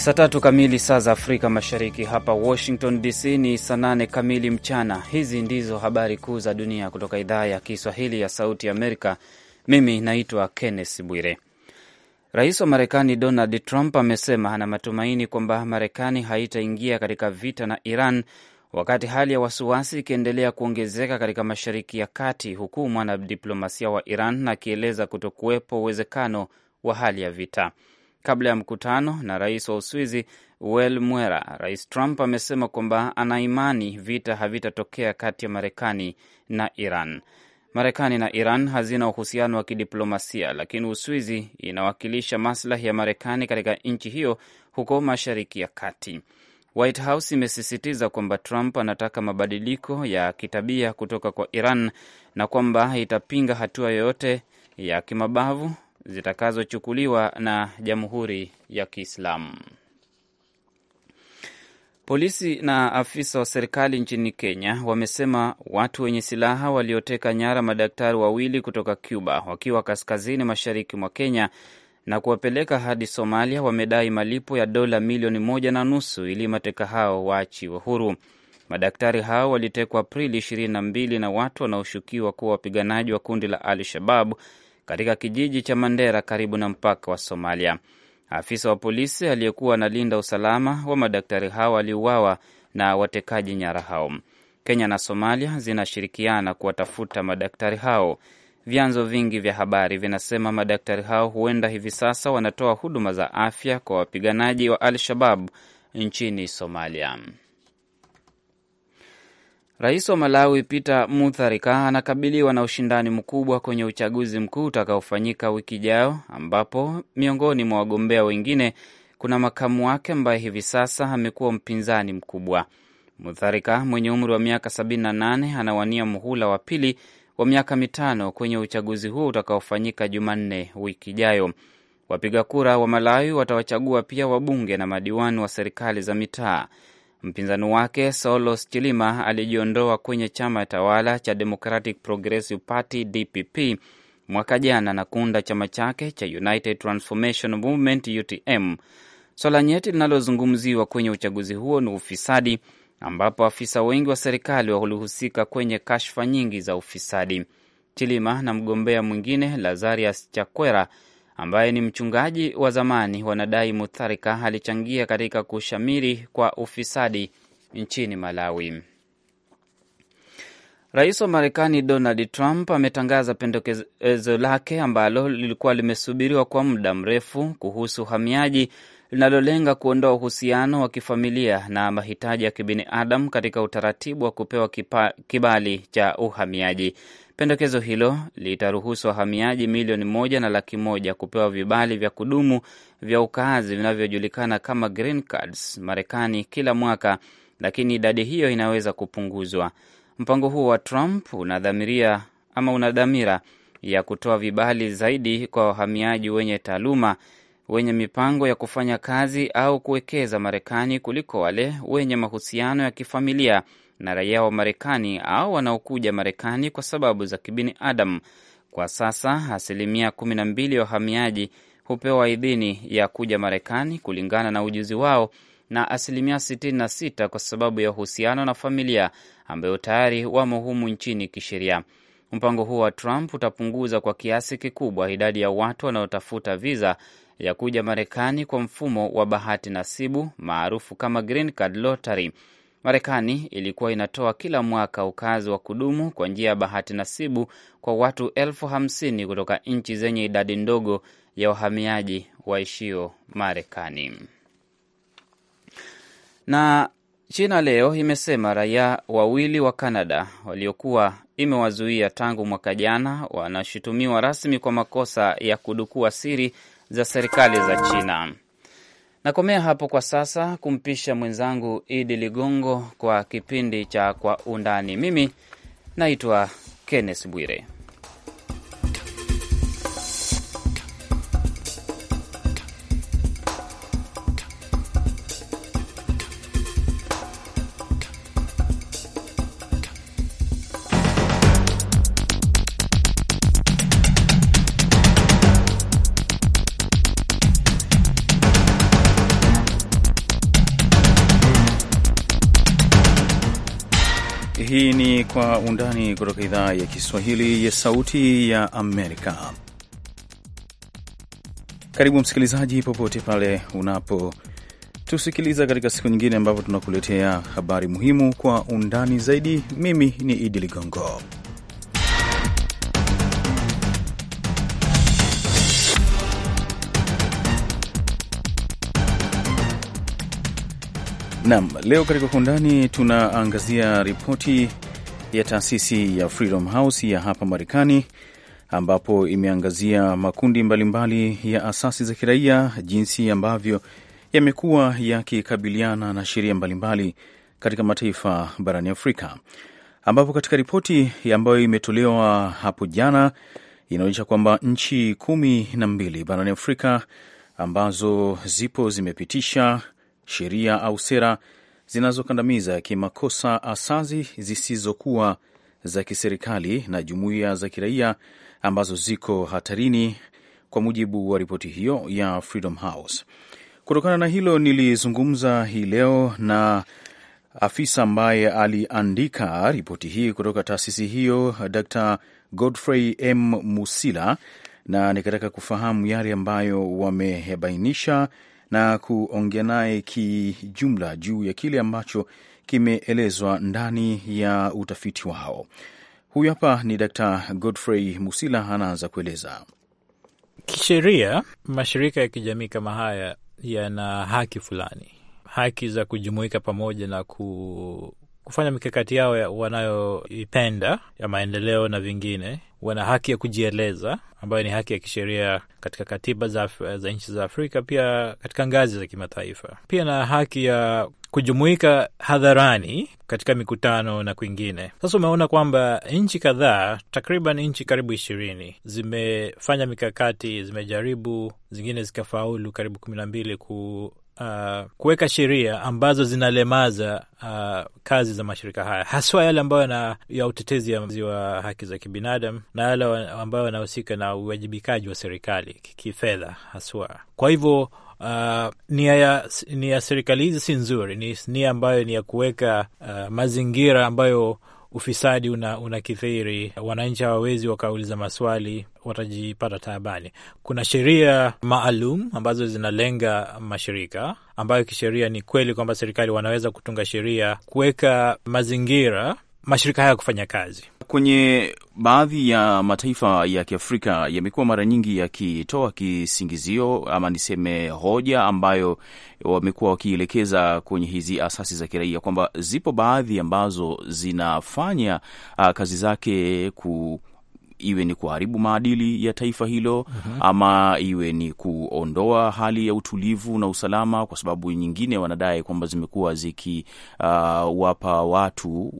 Saa tatu kamili saa za Afrika Mashariki. Hapa Washington DC ni saa nane kamili mchana. Hizi ndizo habari kuu za dunia kutoka idhaa ya Kiswahili ya Sauti Amerika. Mimi naitwa kennes Bwire. Rais wa Marekani Donald Trump amesema ana matumaini kwamba Marekani haitaingia katika vita na Iran wakati hali ya wasiwasi ikiendelea kuongezeka katika Mashariki ya Kati, huku mwanadiplomasia wa Iran akieleza kutokuwepo uwezekano wa hali ya vita kabla ya mkutano na rais wa Uswizi Uel Mwera, Rais Trump amesema kwamba ana imani vita havitatokea kati ya Marekani na Iran. Marekani na Iran hazina uhusiano wa kidiplomasia, lakini Uswizi inawakilisha maslahi ya Marekani katika nchi hiyo huko Mashariki ya Kati. White House imesisitiza kwamba Trump anataka mabadiliko ya kitabia kutoka kwa Iran na kwamba itapinga hatua yoyote ya kimabavu zitakazochukuliwa na Jamhuri ya Kiislamu. Polisi na afisa wa serikali nchini Kenya wamesema watu wenye silaha walioteka nyara madaktari wawili kutoka Cuba wakiwa kaskazini mashariki mwa Kenya na kuwapeleka hadi Somalia wamedai malipo ya dola milioni moja na nusu ili mateka hao waachiwe huru. Madaktari hao walitekwa Aprili 22 na watu wanaoshukiwa kuwa wapiganaji wa kundi la Al Shababu katika kijiji cha Mandera karibu na mpaka wa Somalia. Afisa wa polisi aliyekuwa analinda usalama wa madaktari hao aliuawa na watekaji nyara hao. Kenya na Somalia zinashirikiana kuwatafuta madaktari hao. Vyanzo vingi vya habari vinasema madaktari hao huenda hivi sasa wanatoa huduma za afya kwa wapiganaji wa Al-Shabab nchini Somalia. Rais wa Malawi Peter Mutharika anakabiliwa na ushindani mkubwa kwenye uchaguzi mkuu utakaofanyika wiki ijayo, ambapo miongoni mwa wagombea wengine kuna makamu wake ambaye hivi sasa amekuwa mpinzani mkubwa. Mutharika mwenye umri wa miaka 78 anawania muhula wa pili wa miaka mitano kwenye uchaguzi huo utakaofanyika Jumanne wiki ijayo. Wapiga kura wa Malawi watawachagua pia wabunge na madiwani wa serikali za mitaa. Mpinzani wake solos Chilima alijiondoa kwenye chama tawala cha Democratic Progressive Party DPP mwaka jana na kuunda chama chake cha United Transformation Movement UTM. Swala nyeti linalozungumziwa kwenye uchaguzi huo ni ufisadi, ambapo afisa wengi wa serikali walihusika kwenye kashfa nyingi za ufisadi. Chilima na mgombea mwingine Lazarias Chakwera ambaye ni mchungaji wa zamani, wanadai Mutharika alichangia katika kushamiri kwa ufisadi nchini Malawi. Rais wa Marekani Donald Trump ametangaza pendekezo lake ambalo lilikuwa limesubiriwa kwa muda mrefu kuhusu uhamiaji linalolenga kuondoa uhusiano wa kifamilia na mahitaji ya kibinadamu katika utaratibu wa kupewa kipa, kibali cha uhamiaji. Pendekezo hilo litaruhusu wahamiaji milioni moja na laki moja kupewa vibali vya kudumu vya ukaazi vinavyojulikana kama green cards Marekani kila mwaka, lakini idadi hiyo inaweza kupunguzwa. Mpango huo wa Trump unadhamiria ama una dhamira ya kutoa vibali zaidi kwa wahamiaji wenye taaluma, wenye mipango ya kufanya kazi au kuwekeza Marekani kuliko wale wenye mahusiano ya kifamilia na raia wa Marekani au wanaokuja Marekani kwa sababu za kibinadamu. Kwa sasa asilimia kumi na mbili ya wahamiaji hupewa idhini ya kuja Marekani kulingana na ujuzi wao na asilimia 66 kwa sababu ya uhusiano na familia ambayo tayari wamo humu nchini kisheria. Mpango huo wa Trump utapunguza kwa kiasi kikubwa idadi ya watu wanaotafuta viza ya kuja Marekani kwa mfumo wa bahati nasibu maarufu kama green card lottery, Marekani ilikuwa inatoa kila mwaka ukazi wa kudumu kwa njia ya bahati nasibu kwa watu elfu hamsini kutoka nchi zenye idadi ndogo ya wahamiaji waishio Marekani. Na China leo imesema raia wawili wa Kanada waliokuwa imewazuia tangu mwaka jana wanashutumiwa rasmi kwa makosa ya kudukua siri za serikali za China. Nakomea hapo kwa sasa, kumpisha mwenzangu Idi Ligongo kwa kipindi cha Kwa Undani. Mimi naitwa Kenneth Bwire. kutoka idhaa ya Kiswahili ya Sauti ya Amerika. Karibu msikilizaji, popote pale unapotusikiliza katika siku nyingine ambapo tunakuletea habari muhimu kwa undani zaidi. Mimi ni Idi Ligongo. Naam, leo katika kwa undani tunaangazia ripoti ya taasisi ya Freedom House ya hapa Marekani, ambapo imeangazia makundi mbalimbali mbali ya asasi za kiraia jinsi ambavyo yamekuwa yakikabiliana na sheria mbalimbali katika mataifa barani Afrika, ambapo katika ripoti ambayo imetolewa hapo jana inaonyesha kwamba nchi kumi na mbili barani Afrika ambazo zipo zimepitisha sheria au sera zinazokandamiza kimakosa asasi zisizokuwa za kiserikali na jumuiya za kiraia ambazo ziko hatarini, kwa mujibu wa ripoti hiyo ya Freedom House. Kutokana na hilo, nilizungumza hii leo na afisa ambaye aliandika ripoti hii kutoka taasisi hiyo, Dr Godfrey M Musila, na nikataka kufahamu yale ambayo wamebainisha na kuongea naye kijumla juu ya kile ambacho kimeelezwa ndani ya utafiti wao. Huyu hapa ni Dr. Godfrey Musila, anaanza kueleza. Kisheria, mashirika ya kijamii kama haya yana haki fulani, haki za kujumuika pamoja na ku kufanya mikakati yao wanayoipenda ya maendeleo na vingine. Wana haki ya kujieleza ambayo ni haki ya kisheria katika katiba za, za nchi za Afrika, pia katika ngazi za kimataifa, pia na haki ya kujumuika hadharani katika mikutano na kwingine. Sasa umeona kwamba nchi kadhaa, takriban nchi karibu ishirini zimefanya mikakati, zimejaribu, zingine zikafaulu, karibu kumi na mbili ku uh, kuweka sheria ambazo zinalemaza uh, kazi za mashirika haya haswa yale ambayo na, ya utetezi wa haki za kibinadamu na yale ambayo yanahusika na uwajibikaji wa serikali kifedha haswa. Kwa hivyo Uh, nia ya, ni ya serikali hizi si nzuri, ni nia ambayo ni ya kuweka uh, mazingira ambayo ufisadi una, una kithiri, wananchi hawawezi wakauliza maswali, watajipata taabani. Kuna sheria maalum ambazo zinalenga mashirika ambayo kisheria ni kweli kwamba serikali wanaweza kutunga sheria kuweka mazingira mashirika haya kufanya kazi. Kwenye baadhi ya mataifa ya Kiafrika yamekuwa mara nyingi yakitoa kisingizio ama niseme hoja ambayo wamekuwa wakielekeza kwenye hizi asasi za kiraia kwamba zipo baadhi ambazo zinafanya uh, kazi zake ku iwe ni kuharibu maadili ya taifa hilo mm Ama iwe ni kuondoa hali ya utulivu na usalama, kwa sababu nyingine wanadai kwamba zimekuwa zikiwapa uh, watu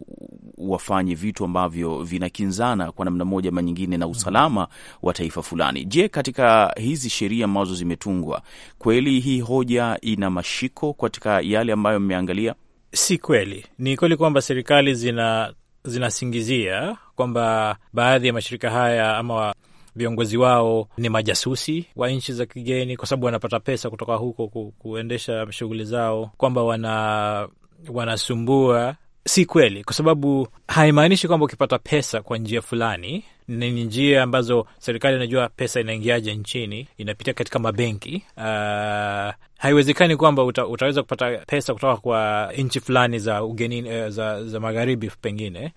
wafanye vitu ambavyo vinakinzana kwa namna moja ama nyingine na usalama wa taifa fulani. Je, katika hizi sheria ambazo zimetungwa, kweli hii hoja ina mashiko katika yale ambayo mmeangalia? Si kweli. Ni kweli kwamba serikali zina zinasingizia kwamba baadhi ya mashirika haya ama viongozi wao ni majasusi wa nchi za kigeni, kwa sababu wanapata pesa kutoka huko ku, kuendesha shughuli zao, kwamba wana wanasumbua si kweli, kwa sababu haimaanishi kwamba ukipata pesa kwa njia fulani, ni njia ambazo serikali inajua pesa inaingiaje nchini, inapitia katika mabenki uh, haiwezekani kwamba uta, utaweza kupata pesa kutoka kwa nchi fulani za ugenini, eh, za, za magharibi pengine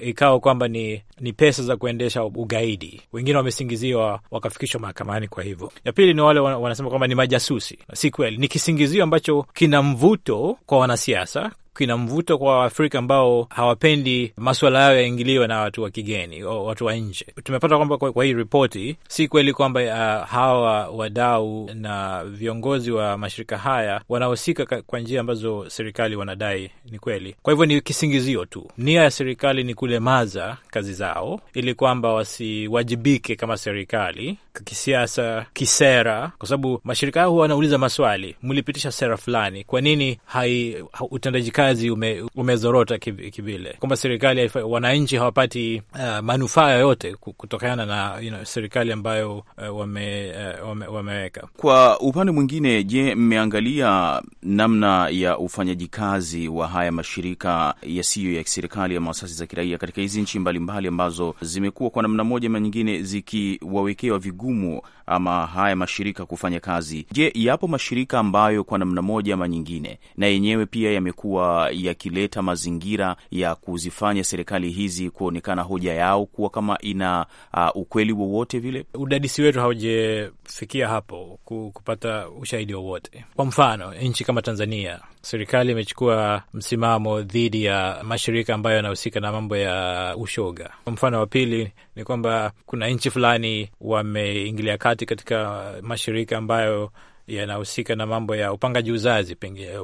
ikawa kwamba ni, ni pesa za kuendesha ugaidi. Wengine wamesingiziwa wakafikishwa mahakamani. Kwa hivyo ya pili ni wale wanasema kwamba ni majasusi. Si kweli, ni kisingizio ambacho kina mvuto kwa wanasiasa kina mvuto kwa Waafrika ambao hawapendi maswala yao yaingiliwe na watu wa kigeni, watu wa nje. Tumepata kwamba kwa, kwa hii ripoti si kweli kwamba uh, hawa wadau na viongozi wa mashirika haya wanahusika kwa njia ambazo serikali wanadai ni kweli. Kwa hivyo ni kisingizio tu. Nia ya serikali ni kulemaza kazi zao ili kwamba wasiwajibike kama serikali kisiasa, kisera, kwa sababu mashirika hayo huwa wanauliza maswali, mlipitisha sera fulani, kwa nini hai utendaji kazi ume, umezorota kivile, kwamba serikali, wananchi hawapati uh, manufaa yoyote kutokana na you know, serikali ambayo uh, wame, uh, wame, wameweka. Kwa upande mwingine, je, mmeangalia namna ya ufanyaji kazi wa haya mashirika yasiyo ya kiserikali ama asasi za kiraia katika hizi nchi mbalimbali ambazo zimekuwa kwa namna moja ama nyingine zikiwawekewa vigu гуму, ama haya mashirika kufanya kazi. Je, yapo mashirika ambayo kwa namna moja ama nyingine na yenyewe pia yamekuwa yakileta mazingira ya kuzifanya serikali hizi kuonekana hoja yao kuwa kama ina uh, ukweli wowote vile? Udadisi wetu haujafikia hapo kupata ushahidi wowote. Kwa mfano, nchi kama Tanzania, serikali imechukua msimamo dhidi ya mashirika ambayo yanahusika na mambo ya ushoga. Mfano wa pili ni kwamba kuna nchi fulani wameingilia kati kati katika mashirika ambayo yanahusika na mambo ya upangaji uzazi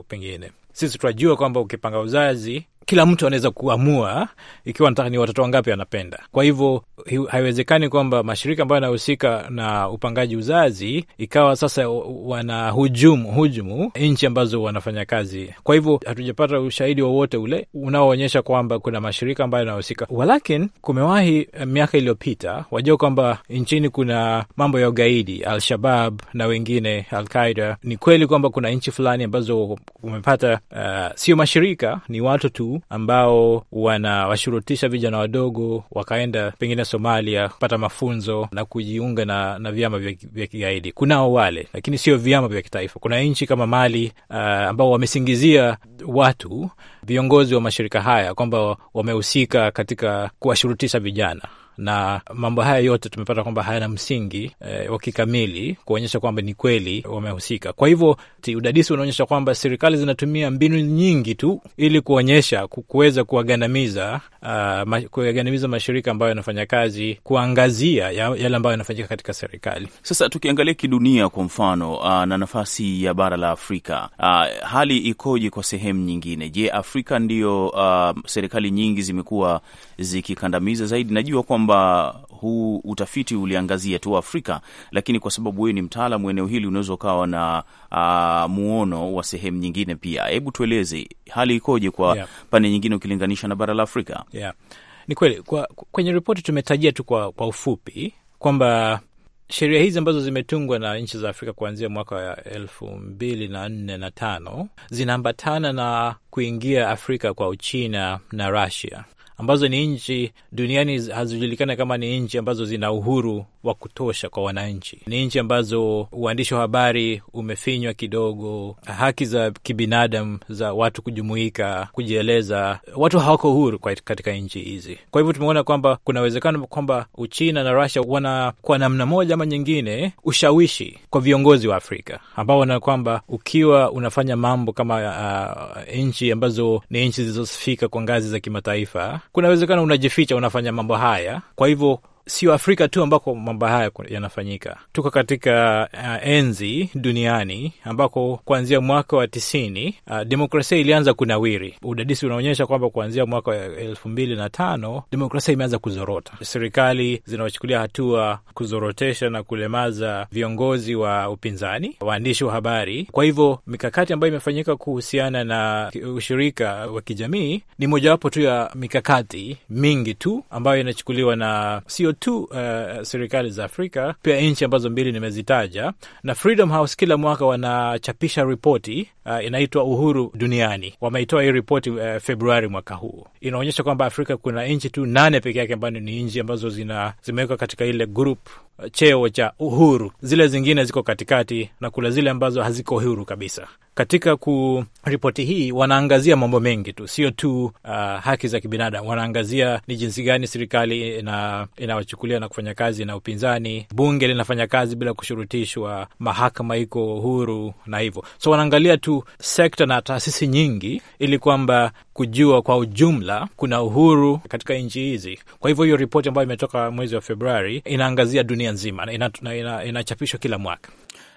pengine. Sisi tunajua kwamba ukipanga uzazi kila mtu anaweza kuamua ikiwa nataka ni watoto wangapi anapenda. Kwa hivyo haiwezekani kwamba mashirika ambayo yanahusika na upangaji uzazi ikawa sasa wana hujumu, hujumu nchi ambazo wanafanya kazi. Kwa hivyo hatujapata ushahidi wowote ule unaoonyesha kwamba kuna mashirika ambayo yanahusika, walakin kumewahi eh, miaka iliyopita, wajua kwamba nchini kuna mambo ya ugaidi, Al-Shabab na wengine, Al-Qaida. Ni kweli kwamba kuna nchi fulani ambazo wamepata, uh, eh, sio mashirika, ni watu tu ambao wanawashurutisha vijana wadogo wakaenda pengine Somalia kupata mafunzo na kujiunga na, na vyama vya kigaidi. Kunao wale, lakini sio vyama vya kitaifa. Kuna nchi kama Mali uh, ambao wamesingizia watu viongozi wa mashirika haya kwamba wamehusika katika kuwashurutisha vijana na mambo haya yote tumepata kwamba hayana msingi eh, wa kikamili kuonyesha kwamba ni kweli wamehusika. Kwa hivyo udadisi unaonyesha kwamba serikali zinatumia mbinu nyingi tu ili kuonyesha kuweza kuwagandamiza uh, kuyagandamiza mashirika ambayo yanafanya kazi, kuangazia yale ambayo yanafanyika katika serikali. Sasa tukiangalia kidunia kwa mfano uh, na nafasi ya bara la Afrika uh, hali ikoje kwa sehemu nyingine? Je, Afrika ndiyo uh, serikali nyingi zimekuwa zikikandamiza zaidi? Najua kwamba kwamba huu utafiti uliangazia tu Afrika, lakini kwa sababu wewe ni mtaalamu eneo hili, unaweza ukawa na uh, muono wa sehemu nyingine pia. Hebu tueleze hali ikoje kwa yeah, pande nyingine ukilinganisha na bara la Afrika? Yeah, ni kweli. Kwa, kwenye ripoti tumetajia tu kwa, kwa ufupi kwamba sheria hizi ambazo zimetungwa na nchi za Afrika kuanzia mwaka wa elfu mbili na nne na tano zinaambatana na kuingia Afrika kwa Uchina na rasia ambazo ni nchi duniani hazijulikana kama ni nchi ambazo zina uhuru wa kutosha kwa wananchi. Ni nchi ambazo uandishi wa habari umefinywa kidogo, haki za kibinadamu za watu kujumuika, kujieleza, watu hawako uhuru katika nchi hizi. Kwa hivyo tumeona kwamba kuna uwezekano kwamba Uchina na Rusia wana kwa namna moja ama nyingine ushawishi kwa viongozi wa Afrika ambao wanaona kwamba ukiwa unafanya mambo kama uh, nchi ambazo ni nchi zilizosifika kwa ngazi za kimataifa kuna uwezekano unajificha, unafanya mambo haya. Kwa hivyo sio Afrika tu ambako mambo haya yanafanyika. Tuko katika uh, enzi duniani ambako kuanzia mwaka wa tisini uh, demokrasia ilianza kunawiri. Udadisi unaonyesha kwamba kuanzia mwaka wa elfu mbili na tano demokrasia imeanza kuzorota. Serikali zinaochukulia hatua kuzorotesha na kulemaza viongozi wa upinzani, waandishi wa habari. Kwa hivyo mikakati ambayo imefanyika kuhusiana na ushirika wa kijamii ni mojawapo tu ya mikakati mingi tu ambayo inachukuliwa na sio tu uh, serikali za Afrika, pia nchi ambazo mbili nimezitaja, na Freedom House kila mwaka wanachapisha ripoti uh, inaitwa Uhuru Duniani. Wameitoa hii ripoti uh, Februari mwaka huu, inaonyesha kwamba Afrika kuna nchi tu nane peke yake ambayo ni nchi ambazo zimewekwa katika ile group cheo cha uhuru. Zile zingine ziko katikati na kuna zile ambazo haziko uhuru kabisa. Katika kuripoti hii wanaangazia mambo mengi tu, sio tu uh, haki za kibinadamu. Wanaangazia ni jinsi gani serikali inawachukulia ina na kufanya kazi na upinzani, bunge linafanya kazi bila kushurutishwa, mahakama iko huru na hivyo. So wanaangalia tu sekta na taasisi nyingi, ili kwamba kujua kwa ujumla kuna uhuru katika nchi hizi. Kwa hivyo hiyo ripoti ambayo imetoka mwezi wa Februari inaangazia dunia dunia nzima, na ina, ina, ina kila mwaka.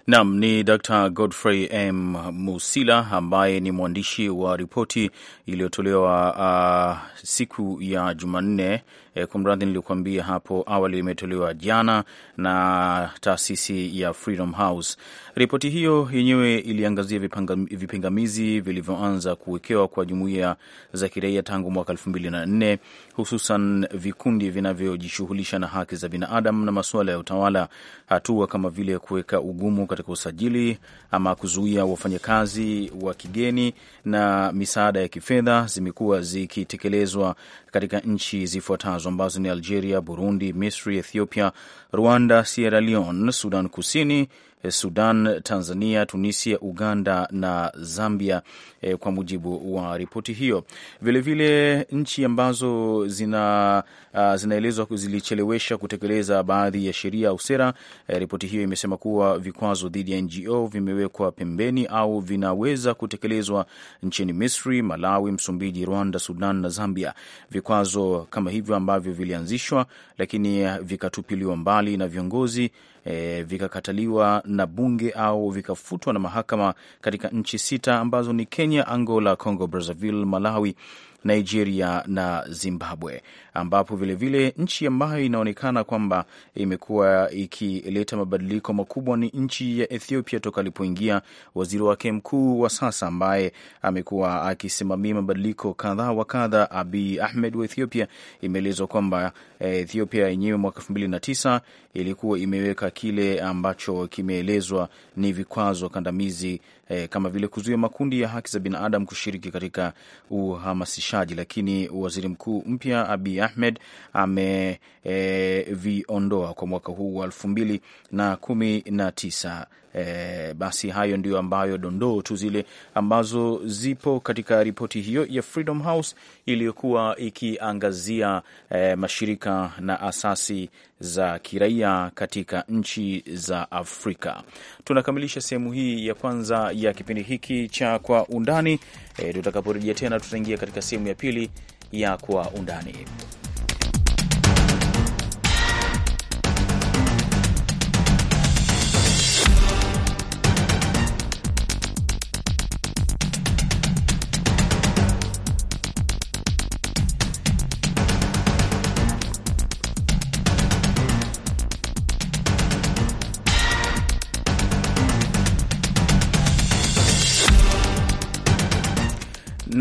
Nam ni Dr Godfrey M Musila ambaye ni mwandishi wa ripoti iliyotolewa uh, siku ya Jumanne e, eh, kumradhi, nilikuambia hapo awali, imetolewa jana na taasisi ya Freedom House. Ripoti hiyo yenyewe iliangazia vipingamizi vilivyoanza kuwekewa kwa jumuiya za kiraia tangu mwaka elfu mbili na nne hususan vikundi vinavyojishughulisha na haki za binadamu na masuala ya utawala, hatua kama vile kuweka ugumu katika usajili ama kuzuia wafanyakazi wa kigeni na misaada ya kifedha zimekuwa zikitekelezwa katika nchi zifuatazo nazo ambazo ni Algeria, Burundi, Misri, Ethiopia, Rwanda, Sierra Leone, Sudan Kusini, Eh, Sudan, Tanzania, Tunisia, Uganda na Zambia eh, kwa mujibu wa ripoti hiyo. Vilevile vile, nchi ambazo zina uh, zinaelezwa zilichelewesha kutekeleza baadhi ya sheria au sera eh, ripoti hiyo imesema kuwa vikwazo dhidi ya NGO vimewekwa pembeni au vinaweza kutekelezwa nchini Misri, Malawi, Msumbiji, Rwanda, Sudan na Zambia. Vikwazo kama hivyo ambavyo vilianzishwa lakini eh, vikatupiliwa mbali na viongozi e, vikakataliwa na bunge au vikafutwa na mahakama katika nchi sita ambazo ni Kenya, Angola, Congo Brazzaville, Malawi, Nigeria na Zimbabwe, ambapo vilevile nchi ambayo inaonekana kwamba imekuwa ikileta mabadiliko makubwa ni nchi ya Ethiopia toka alipoingia waziri wake mkuu wa sasa ambaye amekuwa akisimamia mabadiliko kadha wa kadha, Abiy Ahmed wa Ethiopia. Imeelezwa kwamba eh, Ethiopia yenyewe mwaka elfu mbili na tisa ilikuwa imeweka kile ambacho kimeelezwa ni vikwazo kandamizi e, kama vile kuzuia makundi ya haki za binadamu kushiriki katika uhamasishaji, lakini waziri mkuu mpya Abiy Ahmed ameviondoa e, kwa mwaka huu wa elfu mbili na kumi na tisa E, basi hayo ndiyo ambayo dondoo tu zile ambazo zipo katika ripoti hiyo ya Freedom House iliyokuwa ikiangazia e, mashirika na asasi za kiraia katika nchi za Afrika. Tunakamilisha sehemu hii ya kwanza ya kipindi hiki cha Kwa Undani. E, tutakaporejea tena tutaingia katika sehemu ya pili ya Kwa Undani.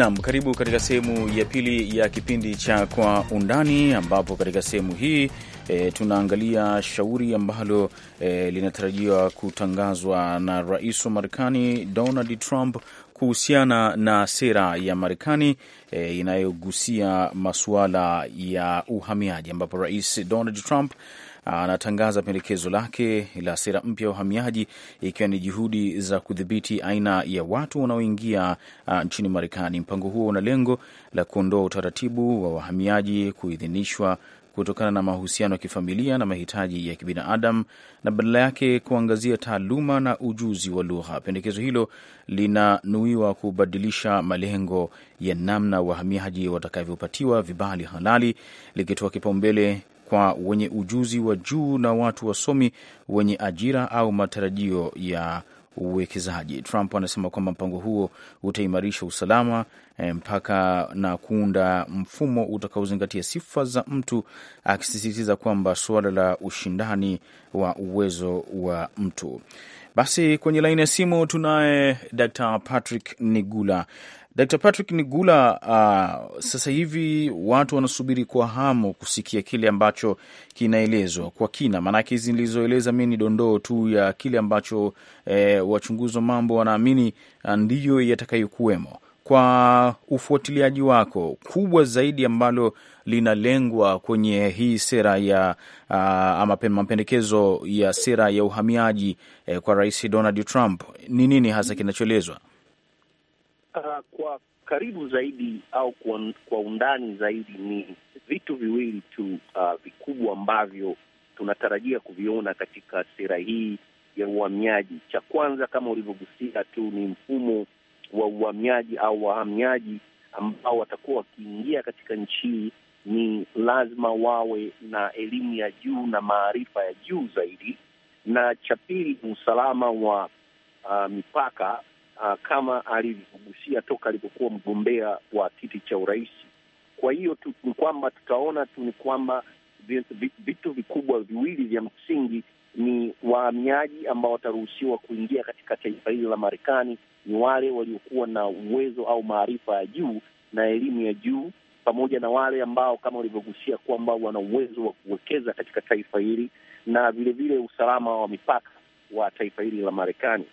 Nam, karibu katika sehemu ya pili ya kipindi cha Kwa Undani, ambapo katika sehemu hii e, tunaangalia shauri ambalo e, linatarajiwa kutangazwa na rais wa Marekani Donald Trump kuhusiana na sera ya Marekani e, inayogusia masuala ya uhamiaji, ambapo rais Donald Trump anatangaza pendekezo lake la sera mpya ya uhamiaji, ikiwa ni juhudi za kudhibiti aina ya watu wanaoingia uh, nchini Marekani. Mpango huo una lengo la kuondoa utaratibu wa wahamiaji kuidhinishwa kutokana na mahusiano ya kifamilia na mahitaji ya kibinadamu na badala yake kuangazia taaluma na ujuzi wa lugha. Pendekezo hilo linanuiwa kubadilisha malengo ya namna wahamiaji watakavyopatiwa vibali halali, likitoa kipaumbele kwa wenye ujuzi wa juu na watu wasomi wenye ajira au matarajio ya uwekezaji. Trump anasema kwamba mpango huo utaimarisha usalama e, mpaka na kuunda mfumo utakaozingatia sifa za mtu, akisisitiza kwamba suala la ushindani wa uwezo wa mtu. Basi kwenye laini ya simu tunaye Dr. Patrick Nigula Dr. Patrick Nigula, uh, sasa hivi watu wanasubiri kwa hamu kusikia kile ambacho kinaelezwa kwa kina, maanake hizi nilizoeleza mi ni dondoo tu ya kile ambacho eh, wachunguzi wa mambo wanaamini uh, ndiyo yatakayokuwemo. Kwa ufuatiliaji wako kubwa zaidi ambalo linalengwa kwenye hii sera ya uh, ama mapendekezo ya sera ya uhamiaji eh, kwa Rais Donald Trump ni nini hasa kinachoelezwa? Sasa kwa karibu zaidi au kwa, kwa undani zaidi ni vitu viwili tu uh, vikubwa ambavyo tunatarajia kuviona katika sera hii ya uhamiaji. Cha kwanza kama ulivyogusia tu ni mfumo wa uhamiaji au wahamiaji ambao watakuwa wakiingia katika nchi hii, ni lazima wawe na elimu ya juu na maarifa ya juu zaidi, na cha pili ni usalama wa uh, mipaka uh, kama alivyogusia toka alipokuwa mgombea wa kiti cha urais. Kwa hiyo tu, ni kwamba tutaona tu ni kwamba vitu vikubwa viwili vya msingi ni wahamiaji ambao wataruhusiwa kuingia katika taifa hili la Marekani ni wale waliokuwa na uwezo au maarifa ya juu na elimu ya juu, pamoja na wale ambao kama walivyogusia kwamba wana uwezo wa kuwekeza katika taifa hili, na vilevile usalama wa mipaka wa taifa hili la Marekani.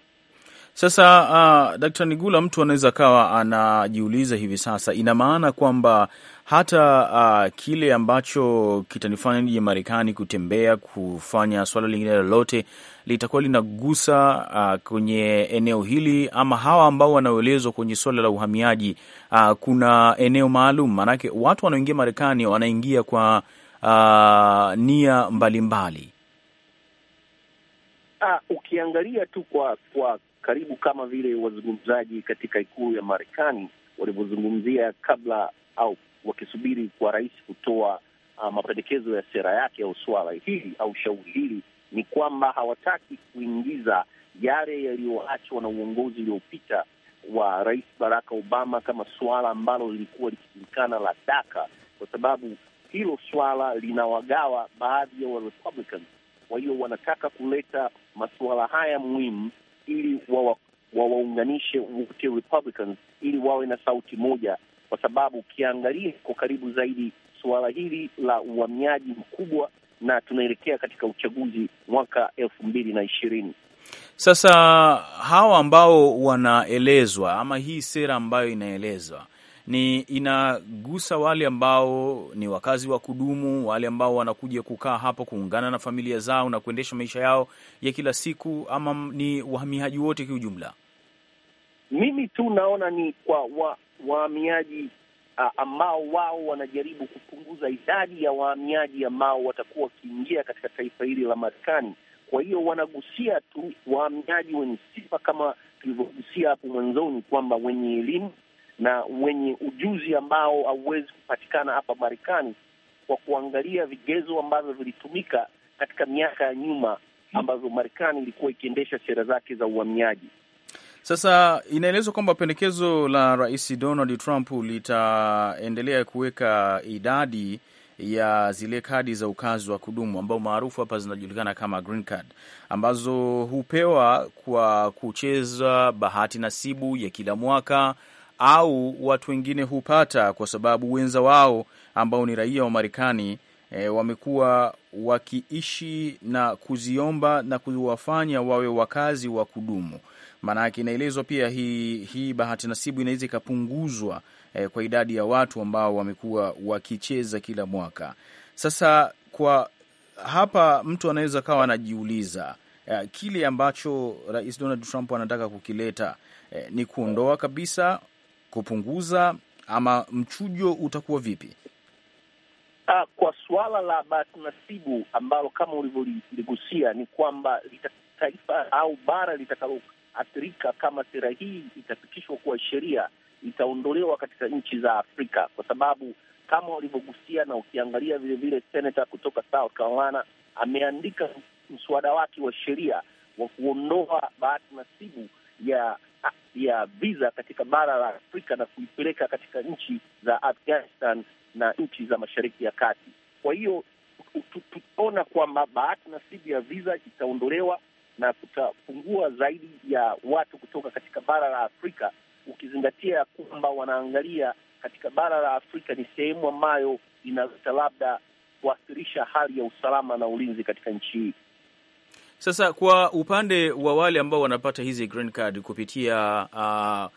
Sasa uh, ah, Dkt. Nigula, mtu anaweza akawa anajiuliza hivi sasa, ina maana kwamba hata uh, kile ambacho kitanifanya nije Marekani kutembea kufanya swala lingine lolote litakuwa linagusa uh, kwenye eneo hili ama hawa ambao wanaoelezwa kwenye swala la uhamiaji uh, kuna eneo maalum? Maanake watu wanaoingia Marekani wanaingia kwa uh, nia mbalimbali mbali. Ukiangalia tu kwa kwa karibu kama vile wazungumzaji katika ikulu ya Marekani walivyozungumzia kabla au wakisubiri kwa rais kutoa uh, mapendekezo ya sera yake au swala hili au shauri hili, ni kwamba hawataki kuingiza yale yaliyoachwa na uongozi uliopita wa rais Barack Obama kama suala ambalo lilikuwa likijulikana la daka, kwa sababu hilo swala linawagawa baadhi ya wa Kwa hiyo wanataka kuleta masuala haya muhimu ili wawaunganishe wa wote Republicans ili wawe na sauti moja, kwa sababu ukiangalia kwa karibu zaidi suala hili la uhamiaji mkubwa, na tunaelekea katika uchaguzi mwaka elfu mbili na ishirini. Sasa hawa ambao wanaelezwa ama hii sera ambayo inaelezwa ni inagusa wale ambao ni wakazi wa kudumu, wale ambao wanakuja kukaa hapo kuungana na familia zao na kuendesha maisha yao ya kila siku, ama ni wahamiaji wote kiujumla? Mimi tu naona ni kwa wahamiaji wa ambao wao wanajaribu kupunguza idadi ya wahamiaji ambao watakuwa wakiingia katika taifa hili la Marekani. Kwa hiyo wanagusia tu wahamiaji wenye sifa kama tulivyogusia hapo mwanzoni, kwamba wenye elimu na wenye ujuzi ambao hauwezi kupatikana hapa Marekani, kwa kuangalia vigezo ambavyo vilitumika katika miaka ya nyuma ambazo Marekani ilikuwa ikiendesha sera zake za uhamiaji. Sasa inaelezwa kwamba pendekezo la Rais Donald Trump litaendelea kuweka idadi ya zile kadi za ukazi wa kudumu ambao maarufu hapa zinajulikana kama green card, ambazo hupewa kwa kucheza bahati nasibu ya kila mwaka au watu wengine hupata kwa sababu wenza wao ambao ni raia wa Marekani e, wamekuwa wakiishi na kuziomba na kuwafanya wawe wakazi wa kudumu. Maanake inaelezwa pia hii hii bahati nasibu inaweza ikapunguzwa e, kwa idadi ya watu ambao wamekuwa wakicheza kila mwaka. Sasa kwa hapa mtu anaweza kawa anajiuliza eh, kile ambacho Rais Donald Trump anataka kukileta ni kuondoa kabisa kupunguza ama mchujo utakuwa vipi? Ah, kwa suala la bahati nasibu ambalo kama ulivyoligusia ni kwamba taifa au bara litakaloathirika kama sera hii itapitishwa kuwa sheria itaondolewa katika nchi za Afrika kwa sababu kama walivyogusia na ukiangalia vilevile, senata kutoka South Carolina ameandika mswada wake wa sheria wa kuondoa bahati nasibu ya ya visa katika bara la Afrika na kuipeleka katika nchi za Afghanistan na nchi za Mashariki ya Kati. Kwa hiyo tutaona kwamba bahati nasibu ya visa itaondolewa na kutapungua zaidi ya watu kutoka katika bara la Afrika, ukizingatia kwamba wanaangalia katika bara la Afrika ni sehemu ambayo inaweza labda kuathirisha hali ya usalama na ulinzi katika nchi hii. Sasa kwa upande wa wale ambao wanapata hizi green card kupitia uh,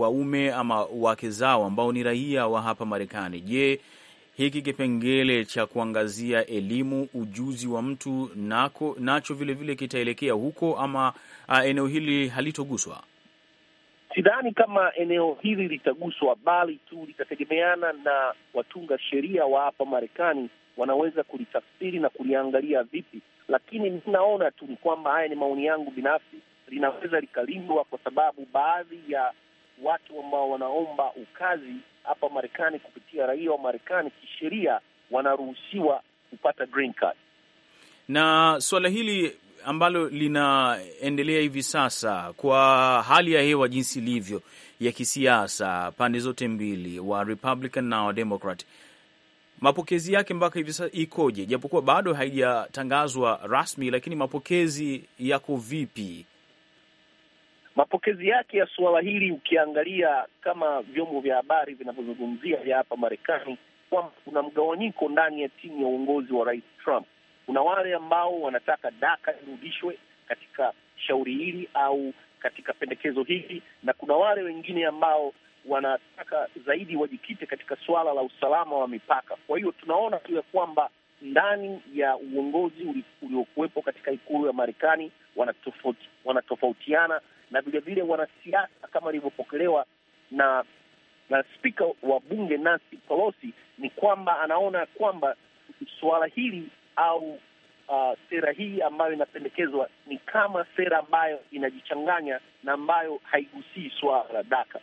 waume wa, wa ama wake zao ambao ni raia wa hapa Marekani, je, hiki kipengele cha kuangazia elimu, ujuzi wa mtu nako, nacho vilevile kitaelekea huko ama uh, eneo hili halitoguswa? Sidhani kama eneo hili litaguswa, bali tu litategemeana na watunga sheria wa hapa Marekani wanaweza kulitafsiri na kuliangalia vipi lakini ninaona tu ni kwamba haya ni maoni yangu binafsi, linaweza likalindwa kwa sababu baadhi ya watu ambao wanaomba ukazi hapa Marekani kupitia raia wa Marekani kisheria wanaruhusiwa kupata green card. Na suala hili ambalo linaendelea hivi sasa kwa hali ya hewa jinsi ilivyo ya kisiasa, pande zote mbili wa Republican na wa Democrat mapokezi yake mpaka hivi sasa ikoje? Japokuwa bado haijatangazwa rasmi, lakini mapokezi yako vipi? Mapokezi yake ya suala hili, ukiangalia kama vyombo vya habari vinavyozungumzia vya hapa Marekani, kwamba kuna mgawanyiko ndani ya timu ya uongozi wa Rais Trump. Kuna wale ambao wanataka daka irudishwe katika shauri hili au katika pendekezo hili, na kuna wale wengine ambao wanataka zaidi wajikite katika suala la usalama wa mipaka. Kwa hiyo tunaona tu ya kwamba ndani ya uongozi uliokuwepo katika ikulu ya Marekani wanatofauti, wanatofautiana na vilevile wanasiasa, kama ilivyopokelewa na na spika wa bunge Nancy Pelosi, ni kwamba anaona kwamba suala hili au Uh, sera hii ambayo inapendekezwa ni kama sera ambayo inajichanganya na ambayo haigusii suala la daka.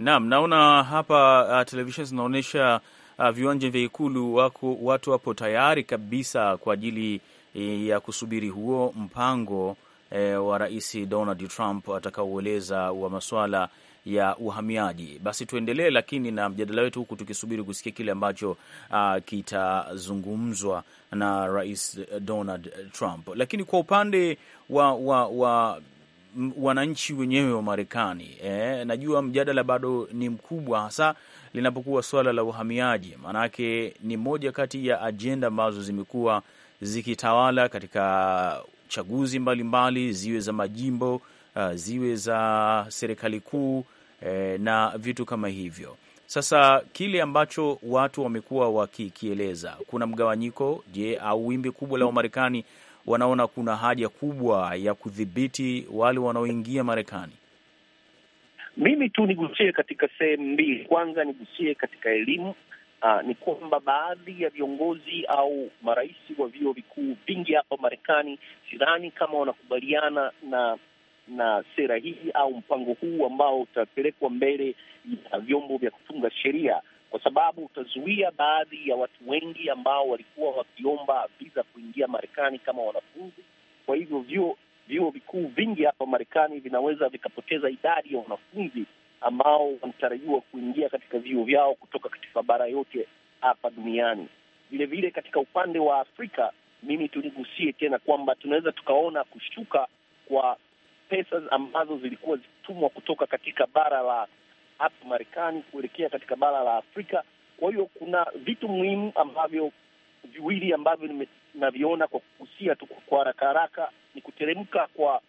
Naam, naona hapa uh, televisheni zinaonyesha uh, viwanja vya Ikulu wako, watu wapo tayari kabisa kwa ajili uh, ya kusubiri huo mpango uh, wa Rais Donald Trump atakaoeleza wa masuala ya uhamiaji. Basi tuendelee lakini na mjadala wetu huku tukisubiri kusikia kile ambacho uh, kitazungumzwa na Rais Donald Trump. Lakini kwa upande wa, wa, wa wananchi wenyewe wa Marekani. Eh, najua mjadala bado ni mkubwa, hasa linapokuwa swala la uhamiaji, maanake ni moja kati ya ajenda ambazo zimekuwa zikitawala katika chaguzi mbalimbali mbali, ziwe za majimbo uh, ziwe za serikali kuu eh, na vitu kama hivyo. Sasa kile ambacho watu wamekuwa wakikieleza, kuna mgawanyiko. Je, au wimbi kubwa la Wamarekani wanaona kuna haja kubwa ya kudhibiti wale wanaoingia Marekani? Mimi tu nigusie katika sehemu mbili. Kwanza nigusie katika elimu. Uh, ni kwamba baadhi ya viongozi au marais wa vyuo vikuu vingi hapa Marekani sidhani kama wanakubaliana na na sera hii au mpango huu ambao utapelekwa mbele ya vyombo vya kutunga sheria kwa sababu utazuia baadhi ya watu wengi ambao walikuwa wakiomba viza kuingia Marekani kama wanafunzi. Kwa hivyo vyuo vyuo vikuu vingi hapa Marekani vinaweza vikapoteza idadi ya wanafunzi ambao wanatarajiwa kuingia katika vyuo vyao kutoka katika bara yote hapa duniani. Vilevile katika upande wa Afrika, mimi tuligusie tena kwamba tunaweza tukaona kushuka kwa pesa ambazo zilikuwa zikitumwa kutoka katika bara la hapa Marekani kuelekea katika bara la Afrika. Kwa hiyo kuna vitu muhimu ambavyo viwili ambavyo ninaviona kwa kugusia tu kwa haraka haraka ni kuteremka kwa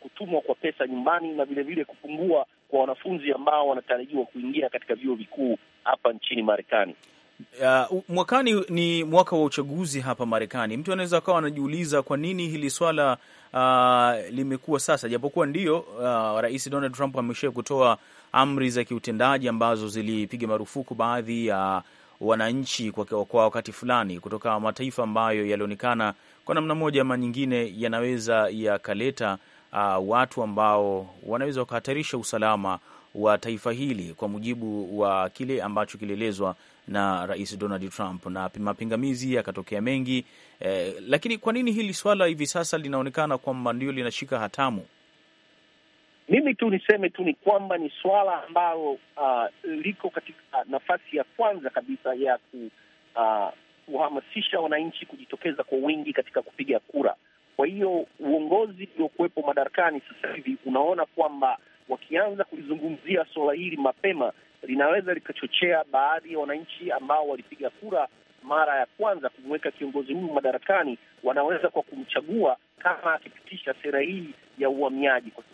kutumwa kwa pesa nyumbani na vilevile kupungua kwa wanafunzi ambao wanatarajiwa kuingia katika vyuo vikuu hapa nchini Marekani. Uh, mwakani ni mwaka wa uchaguzi hapa Marekani. Mtu anaweza akawa anajiuliza kwa nini hili swala uh, limekuwa sasa, japokuwa ndio uh, Rais Donald Trump amesha kutoa amri za kiutendaji ambazo zilipiga marufuku baadhi ya wananchi kwa, kwa wakati fulani kutoka mataifa ambayo yalionekana kwa namna moja ama nyingine yanaweza yakaleta uh, watu ambao wanaweza wakahatarisha usalama wa taifa hili kwa mujibu wa kile ambacho kilielezwa na Rais Donald Trump, na mapingamizi yakatokea mengi eh, lakini kwa nini hili swala hivi sasa linaonekana kwamba ndio linashika hatamu? Mimi tu niseme tu ni kwamba ni swala ambalo uh, liko katika nafasi ya kwanza kabisa ya ku, uh, kuhamasisha wananchi kujitokeza kwa wingi katika kupiga kura. Kwa hiyo uongozi uliokuwepo madarakani sasa hivi unaona kwamba wakianza kulizungumzia suala hili mapema linaweza likachochea baadhi ya wananchi ambao walipiga kura mara ya kwanza kumweka kiongozi huyu madarakani, wanaweza kwa kumchagua kama akipitisha sera hii ya uhamiaji, kwa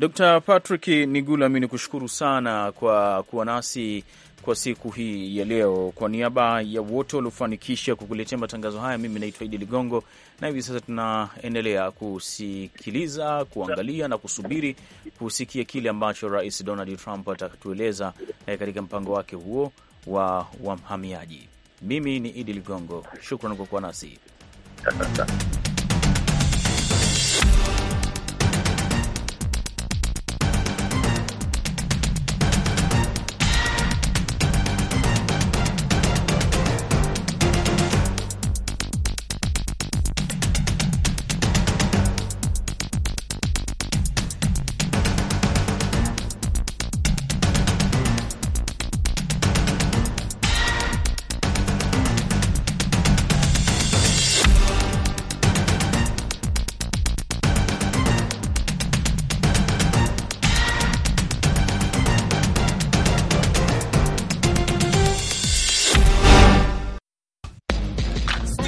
Dr. Patrick mi ni kushukuru sana kwa kuwa nasi kwa siku hii ya leo. Kwa niaba ya wote waliofanikisha kukuletea matangazo haya, mimi naitwa Idi Ligongo, na hivi sasa tunaendelea kusikiliza, kuangalia na kusubiri kusikia kile ambacho Rais Donald Trump atatueleza eh, katika mpango wake huo wa wahamiaji. Mimi ni Idi Ligongo, shukran kwa kuwa nasi.